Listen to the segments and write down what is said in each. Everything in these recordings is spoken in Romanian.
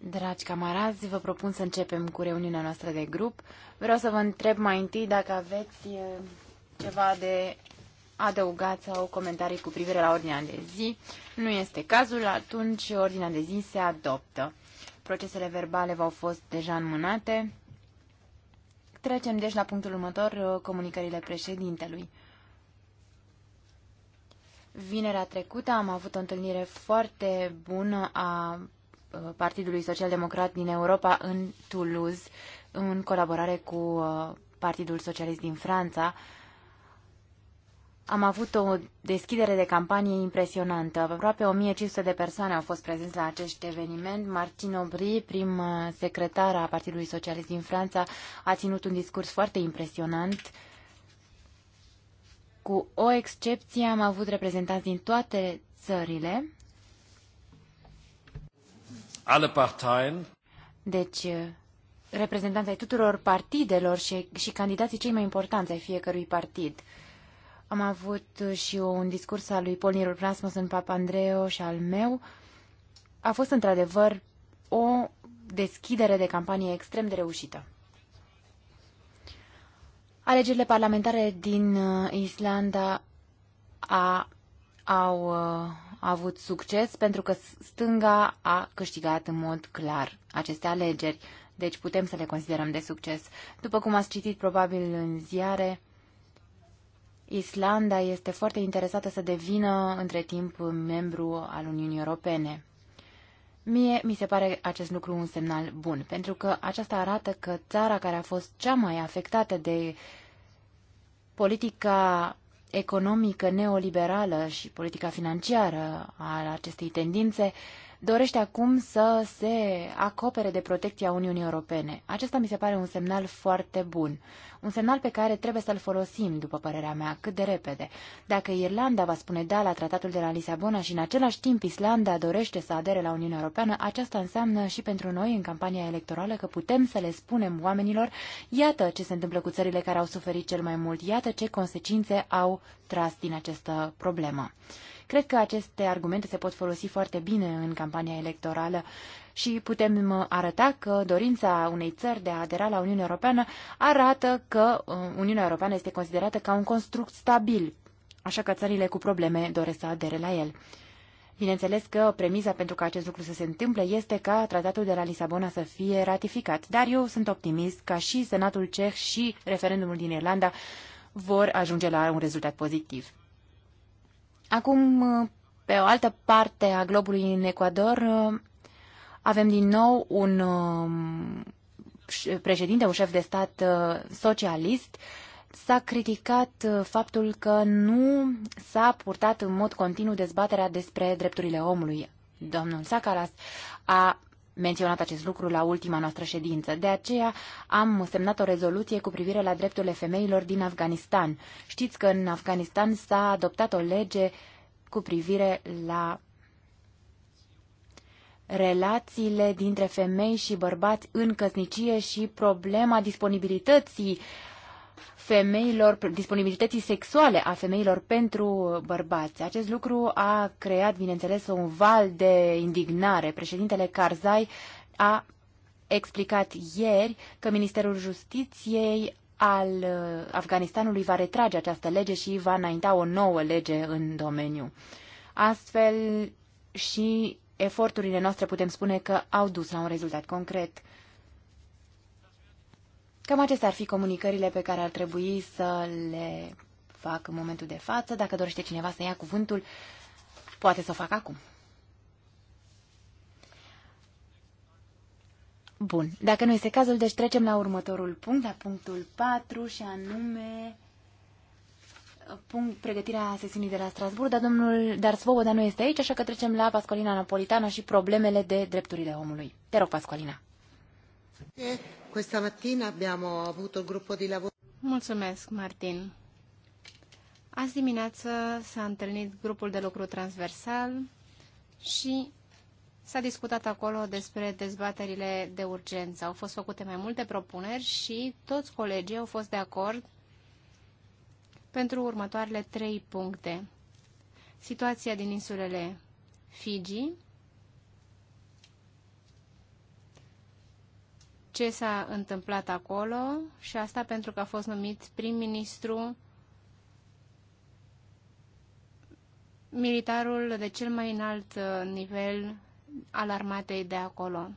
Dragi camarazi, vă propun să începem cu reuniunea noastră de grup. Vreau să vă întreb mai întâi dacă aveți eh, ceva de adăugat sau comentarii cu privire la ordinea de zi. Nu este cazul, atunci ordinea de zi se adoptă. Procesele verbale v-au fost deja înmânate. Trecem deci la punctul următor, eh, comunicările președintelui. Vinerea trecută am avut o întâlnire foarte bună a uh, Partidului Social Democrat din Europa în Toulouse, în colaborare cu uh, Partidul Socialist din Franța. Am avut o deschidere de campanie impresionantă. Aproape 1500 de persoane au fost prezenți la acest eveniment. Martin Aubry, prim uh, secretar a Partidului Socialist din Franța, a ținut un discurs foarte impresionant cu o excepție am avut reprezentanți din toate țările. Alle Parteien. Deci, reprezentanți ai tuturor partidelor și, și candidații cei mai importanți ai fiecărui partid. Am avut și un discurs al lui Polnirul Rasmus în Papandreo și al meu. A fost într-adevăr o deschidere de campanie extrem de reușită. Alegerile parlamentare din uh, Islanda a, au a uh, avut succes pentru că stânga a câștigat în mod clar aceste alegeri, deci putem să le considerăm de succes. După cum ați citit probabil în ziare, Islanda este foarte interesată să devină între timp membru al Uniunii Europene. Mie mi se pare acest lucru un semnal bun, pentru că aceasta arată că țara care a fost cea mai afectată de politica economică neoliberală și politica financiară a acestei tendințe dorește acum să se acopere de protecția Uniunii Europene. Acesta mi se pare un semnal foarte bun, un semnal pe care trebuie să-l folosim, după părerea mea, cât de repede. Dacă Irlanda va spune da la tratatul de la Lisabona și în același timp Islanda dorește să adere la Uniunea Europeană, aceasta înseamnă și pentru noi în campania electorală că putem să le spunem oamenilor, iată ce se întâmplă cu țările care au suferit cel mai mult, iată ce consecințe au tras din această problemă. Cred că aceste argumente se pot folosi foarte bine în campania electorală și putem arăta că dorința unei țări de a adera la Uniunea Europeană arată că uh, Uniunea Europeană este considerată ca un construct stabil, așa că țările cu probleme doresc să adere la el. Bineînțeles că premiza pentru ca acest lucru să se întâmple este ca tratatul de la Lisabona să fie ratificat, dar eu sunt optimist ca și Senatul Ceh și referendumul din Irlanda vor ajunge la un rezultat pozitiv. Acum, pe o altă parte a globului în Ecuador, avem din nou un um, președinte, un șef de stat uh, socialist, s-a criticat uh, faptul că nu s-a purtat în mod continuu dezbaterea despre drepturile omului. Domnul Sakaras a menționat acest lucru la ultima noastră ședință. De aceea am semnat o rezoluție cu privire la drepturile femeilor din Afganistan. Știți că în Afganistan s-a adoptat o lege cu privire la relațiile dintre femei și bărbați în căsnicie și problema disponibilității uh, femeilor, disponibilității sexuale a femeilor pentru bărbați. Acest lucru a creat, bineînțeles, un val de indignare. Președintele Karzai a explicat ieri că Ministerul Justiției al Afganistanului va retrage această lege și va înainta o nouă lege în domeniu. Astfel și eforturile noastre putem spune că au dus la un rezultat concret. Cam acestea ar fi comunicările pe care ar trebui să le fac în momentul de față. Dacă dorește cineva să ia cuvântul, poate să o fac acum. Bun. Dacă nu este cazul, deci trecem la următorul punct, la punctul 4 și anume punct pregătirea sesiunii de la Strasburg, dar domnul dar Svoboda nu este aici, așa că trecem la Pascolina Napolitana și problemele de drepturile omului. Te rog, Pascolina. Questa mattina abbiamo avuto il gruppo di lavoro. Mulțumesc, Martin. Azi dimineață s-a întâlnit grupul de lucru transversal și s-a discutat acolo despre dezbaterile de urgență. Au fost făcute mai multe propuneri și toți colegii au fost de acord pentru următoarele trei puncte. Situația din insulele Fiji, ce s-a întâmplat acolo și asta pentru că a fost numit prim-ministru militarul de cel mai înalt uh, nivel al armatei de acolo.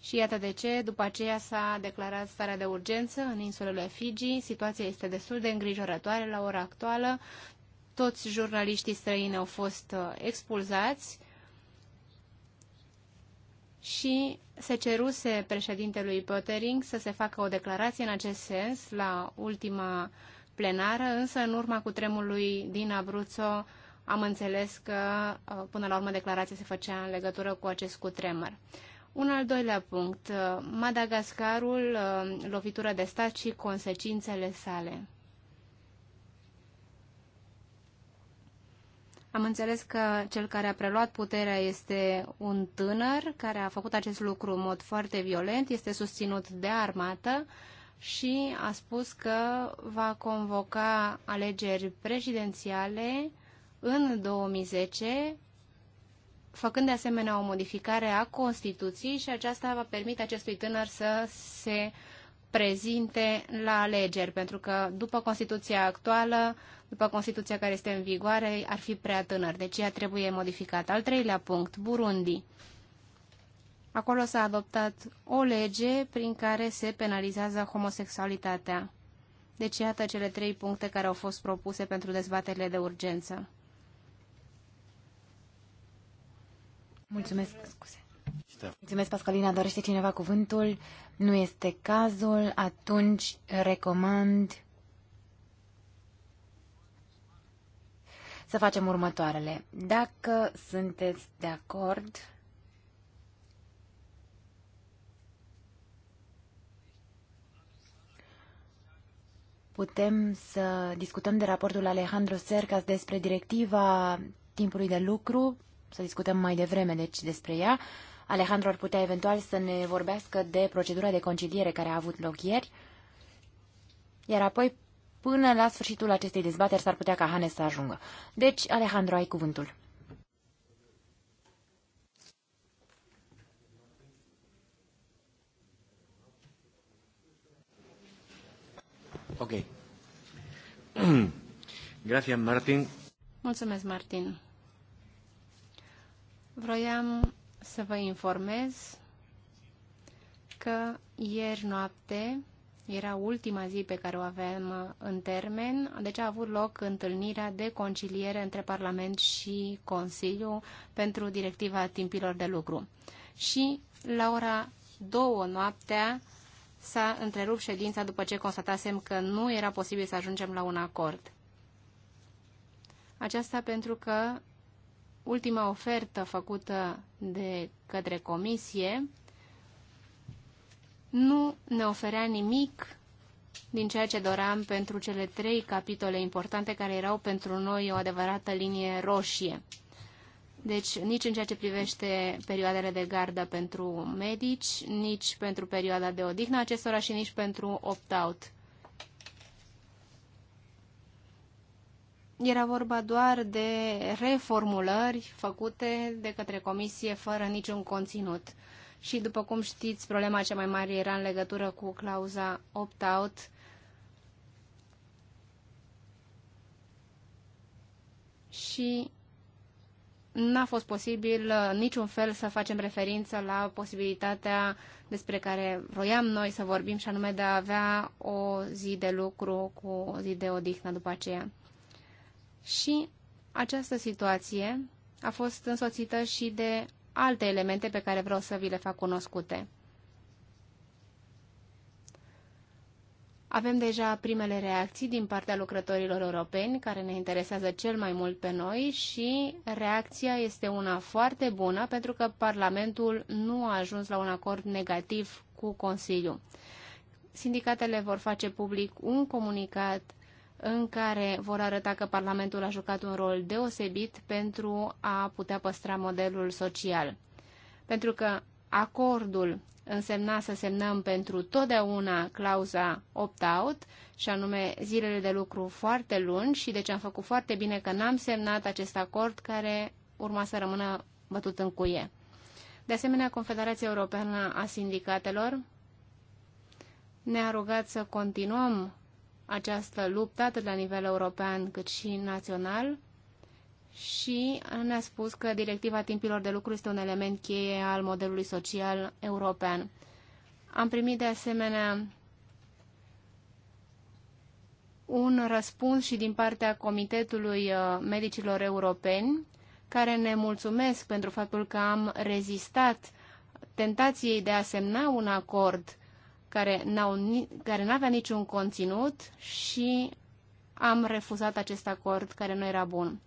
Și iată de ce, după aceea s-a declarat starea de urgență în insulele Fiji, situația este destul de îngrijorătoare la ora actuală, toți jurnaliștii străini au fost uh, expulzați, și se ceruse președintelui Pöttering să se facă o declarație în acest sens la ultima plenară, însă în urma cu din Abruzzo am înțeles că uh, până la urmă declarația se făcea în legătură cu acest cutremur. Un al doilea punct, uh, Madagascarul, uh, lovitura de stat și consecințele sale. Am înțeles că cel care a preluat puterea este un tânăr care a făcut acest lucru în mod foarte violent, este susținut de armată și a spus că va convoca alegeri prezidențiale în 2010, făcând de asemenea o modificare a Constituției și aceasta va permite acestui tânăr să se prezinte la alegeri, pentru că după Constituția actuală, după Constituția care este în vigoare, ar fi prea tânăr, deci ea trebuie modificată. Al treilea punct, Burundi. Acolo s-a adoptat o lege prin care se penalizează homosexualitatea. Deci iată cele trei puncte care au fost propuse pentru dezbaterile de urgență. Mulțumesc, scuze. Mulțumesc, Pascalina. Dorește cineva cuvântul? Nu este cazul. Atunci recomand să facem următoarele. Dacă sunteți de acord, putem să discutăm de raportul Alejandro Sercas despre directiva timpului de lucru, să discutăm mai devreme deci despre ea, Alejandro ar putea eventual să ne vorbească de procedura de conciliere care a avut loc ieri, iar apoi, până la sfârșitul acestei dezbateri, s-ar putea ca Hane să ajungă. Deci, Alejandro, ai cuvântul. Ok. Gracias, Martin. Mulțumesc, Martin. Vroiam să vă informez că ieri noapte era ultima zi pe care o aveam în termen, deci a avut loc întâlnirea de conciliere între Parlament și Consiliu pentru directiva timpilor de lucru. Și la ora două noaptea s-a întrerupt ședința după ce constatasem că nu era posibil să ajungem la un acord. Aceasta pentru că ultima ofertă făcută de către comisie nu ne oferea nimic din ceea ce doream pentru cele trei capitole importante care erau pentru noi o adevărată linie roșie. Deci nici în ceea ce privește perioadele de gardă pentru medici, nici pentru perioada de odihnă acestora și nici pentru opt-out. Era vorba doar de reformulări făcute de către comisie fără niciun conținut. Și după cum știți, problema cea mai mare era în legătură cu clauza opt-out și n-a fost posibil niciun fel să facem referință la posibilitatea despre care voiam noi să vorbim și anume de a avea o zi de lucru cu o zi de odihnă după aceea. Și această situație a fost însoțită și de alte elemente pe care vreau să vi le fac cunoscute. Avem deja primele reacții din partea lucrătorilor europeni, care ne interesează cel mai mult pe noi și reacția este una foarte bună pentru că Parlamentul nu a ajuns la un acord negativ cu Consiliul. Sindicatele vor face public un comunicat în care vor arăta că Parlamentul a jucat un rol deosebit pentru a putea păstra modelul social. Pentru că acordul însemna să semnăm pentru totdeauna clauza opt-out, și anume zilele de lucru foarte lungi și deci am făcut foarte bine că n-am semnat acest acord care urma să rămână bătut în cuie. De asemenea, Confederația Europeană a Sindicatelor ne-a rugat să continuăm această luptă atât la nivel european cât și național și ne-a spus că directiva timpilor de lucru este un element cheie al modelului social european. Am primit de asemenea un răspuns și din partea Comitetului uh, Medicilor Europeni, care ne mulțumesc pentru faptul că am rezistat tentației de a semna un acord care, n-au, care n-avea niciun conținut și am refuzat acest acord care nu era bun.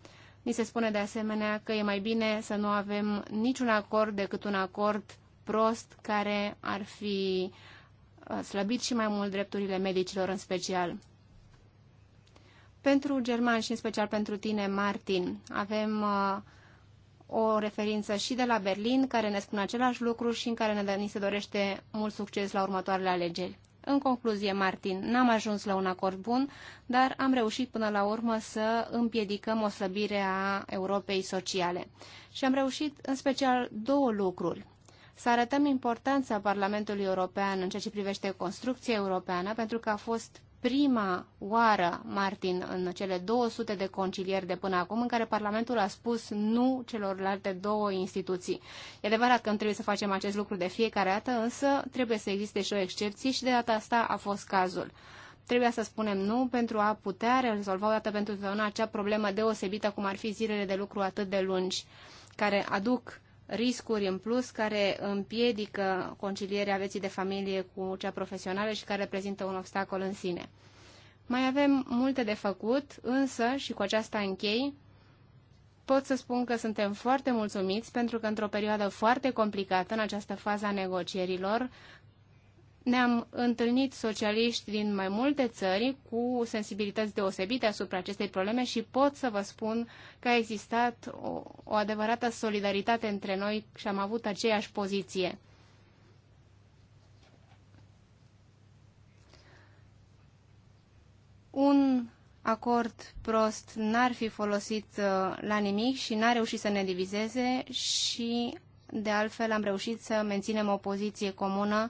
Mi se spune de asemenea că e mai bine să nu avem niciun acord decât un acord prost care ar fi uh, slăbit și mai mult drepturile medicilor în special. Pentru german și în special pentru tine, Martin, avem uh, o referință și de la Berlin, care ne spune același lucru și în care ne, ni se dorește mult succes la următoarele alegeri. În concluzie, Martin, n-am ajuns la un acord bun, dar am reușit până la urmă să împiedicăm o slăbire a Europei sociale. Și am reușit în special două lucruri. Să arătăm importanța Parlamentului European în ceea ce privește construcția europeană, pentru că a fost prima oară, Martin, în cele 200 de concilieri de până acum, în care Parlamentul a spus nu celorlalte două instituții. E adevărat că nu trebuie să facem acest lucru de fiecare dată, însă trebuie să existe și o excepție și de data asta a fost cazul. Trebuie să spunem nu pentru a putea rezolva o dată pentru zona acea problemă deosebită cum ar fi zilele de lucru atât de lungi, care aduc riscuri în plus care împiedică concilierea vieții de familie cu cea profesională și care reprezintă un obstacol în sine. Mai avem multe de făcut, însă, și cu aceasta închei, pot să spun că suntem foarte mulțumiți pentru că într-o perioadă foarte complicată, în această fază a negocierilor, ne-am întâlnit socialiști din mai multe țări cu sensibilități deosebite asupra acestei probleme și pot să vă spun că a existat o, o adevărată solidaritate între noi și am avut aceeași poziție. Un acord prost n-ar fi folosit uh, la nimic și n-a reușit să ne divizeze și, de altfel, am reușit să menținem o poziție comună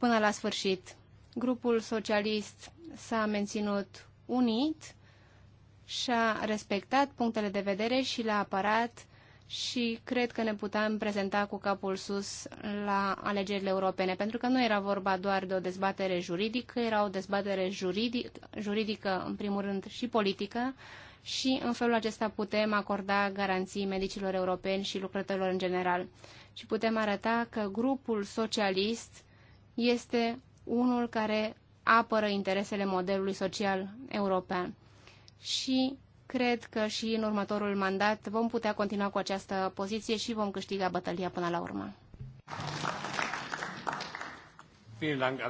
până la sfârșit. Grupul socialist s-a menținut unit și a respectat punctele de vedere și le-a apărat și cred că ne putem prezenta cu capul sus la alegerile europene, pentru că nu era vorba doar de o dezbatere juridică, era o dezbatere juridic, juridică, în primul rând, și politică, și în felul acesta putem acorda garanții medicilor europeni și lucrătorilor în general. Și putem arăta că grupul socialist este unul care apără interesele modelului social european. Și cred că și în următorul mandat vom putea continua cu această poziție și vom câștiga bătălia până la urmă. Mulțumesc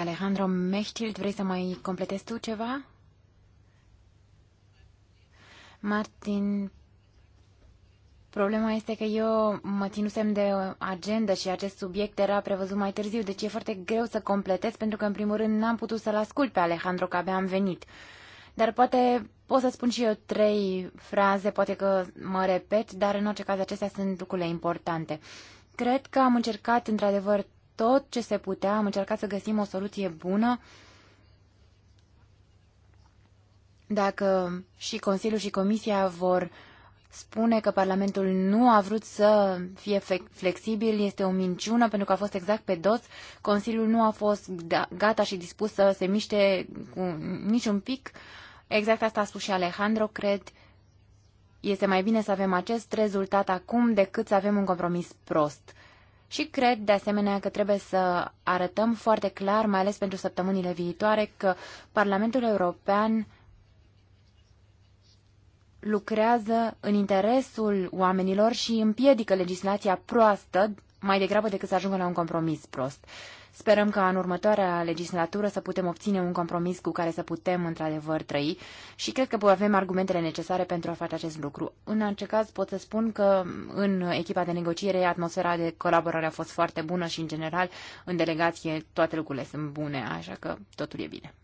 Alejandro. Mechtild, vrei să mai completezi tu ceva? Martin Problema este că eu mă ținusem de agenda și acest subiect era prevăzut mai târziu, deci e foarte greu să completez, pentru că, în primul rând, n-am putut să-l ascult pe Alejandro, că abia am venit. Dar poate pot să spun și eu trei fraze, poate că mă repet, dar în orice caz acestea sunt lucrurile importante. Cred că am încercat într-adevăr tot ce se putea, am încercat să găsim o soluție bună. Dacă și Consiliul și Comisia vor uh, spune că Parlamentul nu a vrut să fie flexibil este o minciună, pentru că a fost exact pe dos. Consiliul nu a fost da, gata și dispus să se miște cu niciun pic. Exact asta a spus și Alejandro, cred. Este mai bine să avem acest rezultat acum decât să avem un compromis prost. Și cred, de asemenea, că trebuie să arătăm foarte clar, mai ales pentru săptămânile viitoare, că Parlamentul European lucrează în interesul oamenilor și împiedică legislația proastă mai degrabă decât să ajungă la un compromis prost. Sperăm ca în următoarea legislatură să putem obține un compromis cu care să putem într-adevăr trăi și cred că avem argumentele necesare pentru a face acest lucru. În acest caz pot să spun că în echipa de negociere atmosfera de colaborare a fost foarte bună și în general în delegație toate lucrurile sunt bune, așa că totul e bine.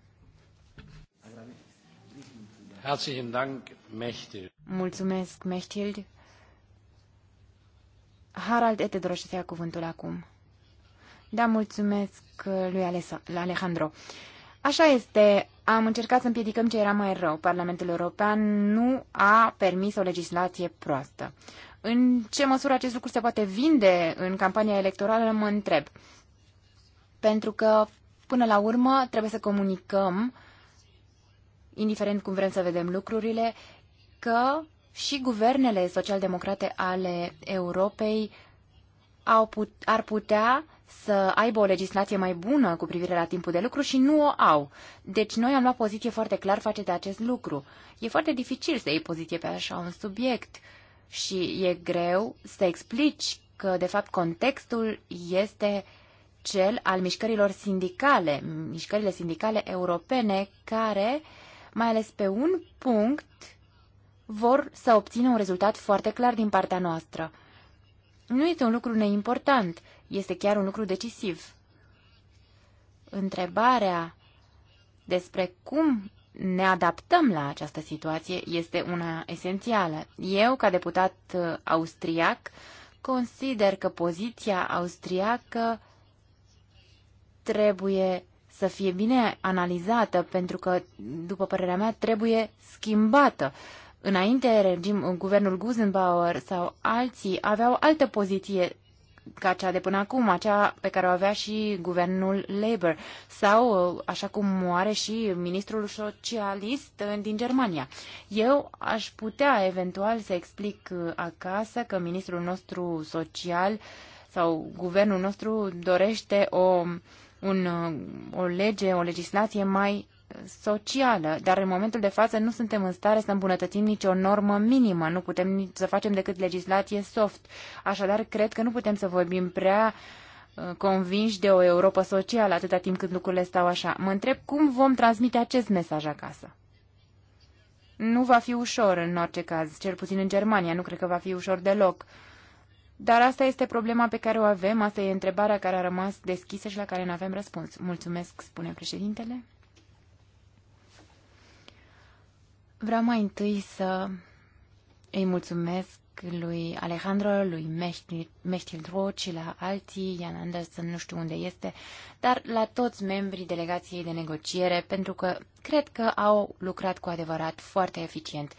Mulțumesc, Mechthild. Harald Etedroș se ia cuvântul acum. Da, mulțumesc uh, lui Alejandro. Așa este, am încercat să împiedicăm ce era mai rău. Parlamentul European nu a permis o legislație proastă. În ce măsură acest lucru se poate vinde în campania electorală, mă întreb. Pentru că, până la urmă, trebuie să comunicăm uh, indiferent cum vrem să vedem lucrurile, că și guvernele socialdemocrate ale Europei au put, ar putea să aibă o legislație mai bună cu privire la timpul de lucru și nu o au. Deci noi am luat poziție foarte clar face de acest lucru. E foarte dificil să iei poziție pe așa un subiect și e greu să explici că, de fapt, contextul este cel al mișcărilor sindicale, mișcările sindicale europene care uh, mai ales pe un punct, vor să obțină un rezultat foarte clar din partea noastră. Nu este un lucru neimportant, este chiar un lucru decisiv. Întrebarea despre cum ne adaptăm la această situație este una esențială. Eu, ca deputat uh, austriac, consider că poziția austriacă trebuie să fie bine analizată, pentru că, după părerea mea, trebuie schimbată. Înainte, regim, guvernul Guzenbauer sau alții aveau altă poziție ca cea de până acum, acea pe care o avea și guvernul Labour sau așa cum o are și ministrul socialist din Germania. Eu aș putea eventual să explic acasă că ministrul nostru social sau guvernul nostru dorește o uh, un, uh, o lege, o legislație mai socială, dar în momentul de față nu suntem în stare să îmbunătățim nicio normă minimă, nu putem nici să facem decât legislație soft. Așadar, cred că nu putem să vorbim prea uh, convinși de o Europa socială atâta timp cât lucrurile stau așa. Mă întreb cum vom transmite acest mesaj acasă. Nu va fi ușor în orice caz, cel puțin în Germania, nu cred că va fi ușor deloc. Dar asta este problema pe care o avem, asta e întrebarea care a rămas deschisă și la care nu avem răspuns. Mulțumesc, spune președintele. Vreau mai întâi să îi mulțumesc lui Alejandro, lui Mechtildro și la alții, Ian Anderson, nu știu unde este, dar la toți membrii delegației de negociere, pentru că cred că au lucrat cu adevărat foarte eficient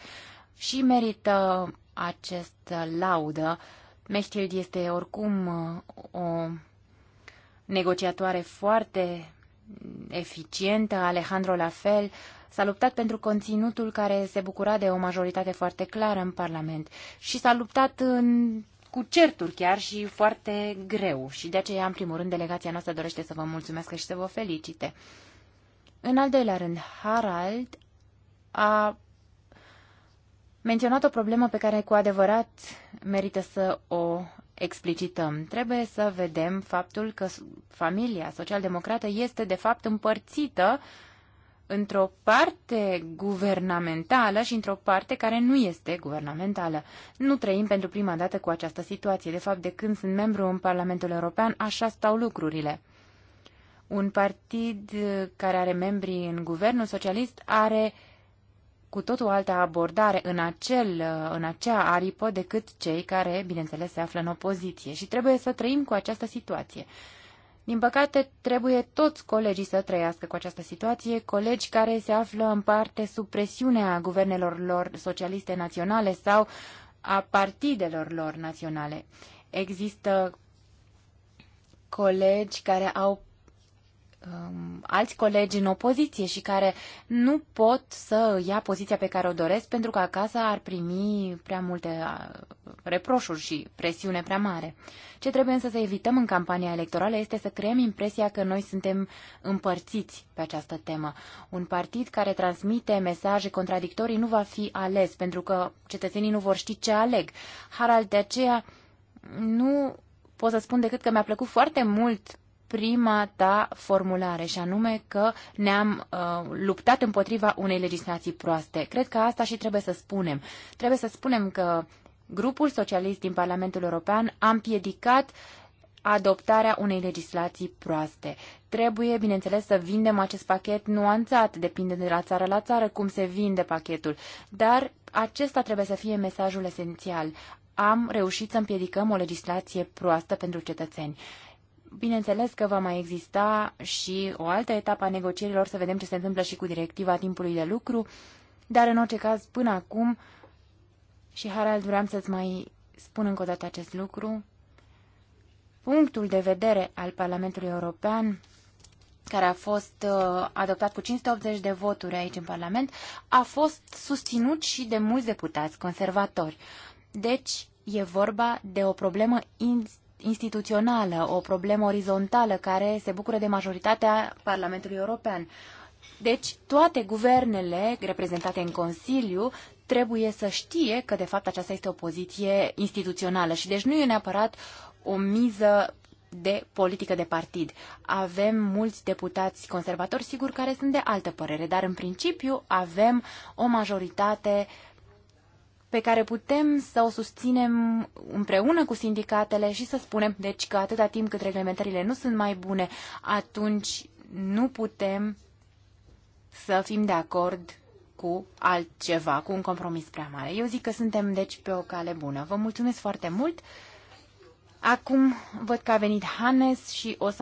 și merită acest laudă uh, Mechthild este oricum uh, o negociatoare foarte eficientă, Alejandro la fel, s-a luptat pentru conținutul care se bucura de o majoritate foarte clară în Parlament și s-a luptat în, cu certuri chiar și foarte greu și de aceea, în primul rând, delegația noastră dorește să vă mulțumesc și să vă felicite. În al doilea rând, Harald a menționat o problemă pe care cu adevărat merită să o explicităm. Trebuie să vedem faptul că familia socialdemocrată este de fapt împărțită într-o parte guvernamentală și într-o parte care nu este guvernamentală. Nu trăim pentru prima dată cu această situație. De fapt, de când sunt membru în Parlamentul European, așa stau lucrurile. Un partid care are membri în guvernul socialist are uh, cu tot o altă abordare în, acel, în acea aripă decât cei care, bineînțeles, se află în opoziție și trebuie să trăim cu această situație. Din păcate, trebuie toți colegii să trăiască cu această situație, colegi care se află în parte sub presiunea guvernelor lor socialiste naționale sau a partidelor lor naționale. Există colegi care au um, alți colegi în opoziție și care nu pot să ia poziția pe care o doresc pentru că acasă ar primi prea multe uh, reproșuri și presiune prea mare. Ce trebuie însă să evităm în campania electorală este să creăm impresia că noi suntem împărțiți pe această temă. Un partid care transmite mesaje contradictorii nu va fi ales pentru că cetățenii nu vor ști ce aleg. Harald, de aceea nu pot să spun decât că mi-a plăcut foarte mult prima ta formulare, și anume că ne-am uh, luptat împotriva unei legislații proaste. Cred că asta și trebuie să spunem. Trebuie să spunem că grupul socialist din Parlamentul European a împiedicat adoptarea unei legislații proaste. Trebuie, bineînțeles, să vindem acest pachet nuanțat, depinde de la țară la țară cum se vinde pachetul, dar acesta trebuie să fie mesajul esențial am reușit să împiedicăm o legislație proastă pentru cetățeni. Bineînțeles că va mai exista și o altă etapă a negocierilor, să vedem ce se întâmplă și cu directiva timpului de lucru, dar în orice caz, până acum, și Harald, vreau să-ți mai spun încă o dată acest lucru, punctul de vedere al Parlamentului European care a fost uh, adoptat cu 580 de voturi aici în Parlament, a fost susținut și de mulți deputați conservatori. Deci, e vorba de o problemă instituțională, o problemă orizontală care se bucură de majoritatea Parlamentului European. Deci, toate guvernele reprezentate în Consiliu trebuie să știe că, de fapt, aceasta este o poziție instituțională și deci nu e neapărat o miză de politică de partid. Avem mulți deputați conservatori, sigur, care sunt de altă părere, dar în principiu avem o majoritate uh, pe care putem să o susținem împreună cu sindicatele și să spunem, deci că atâta timp cât reglementările nu sunt mai bune, atunci nu putem să fim de acord cu altceva, cu un compromis prea mare. Eu zic că suntem, deci, pe o cale bună. Vă mulțumesc foarte mult! Acum văd că a venit Hannes și o să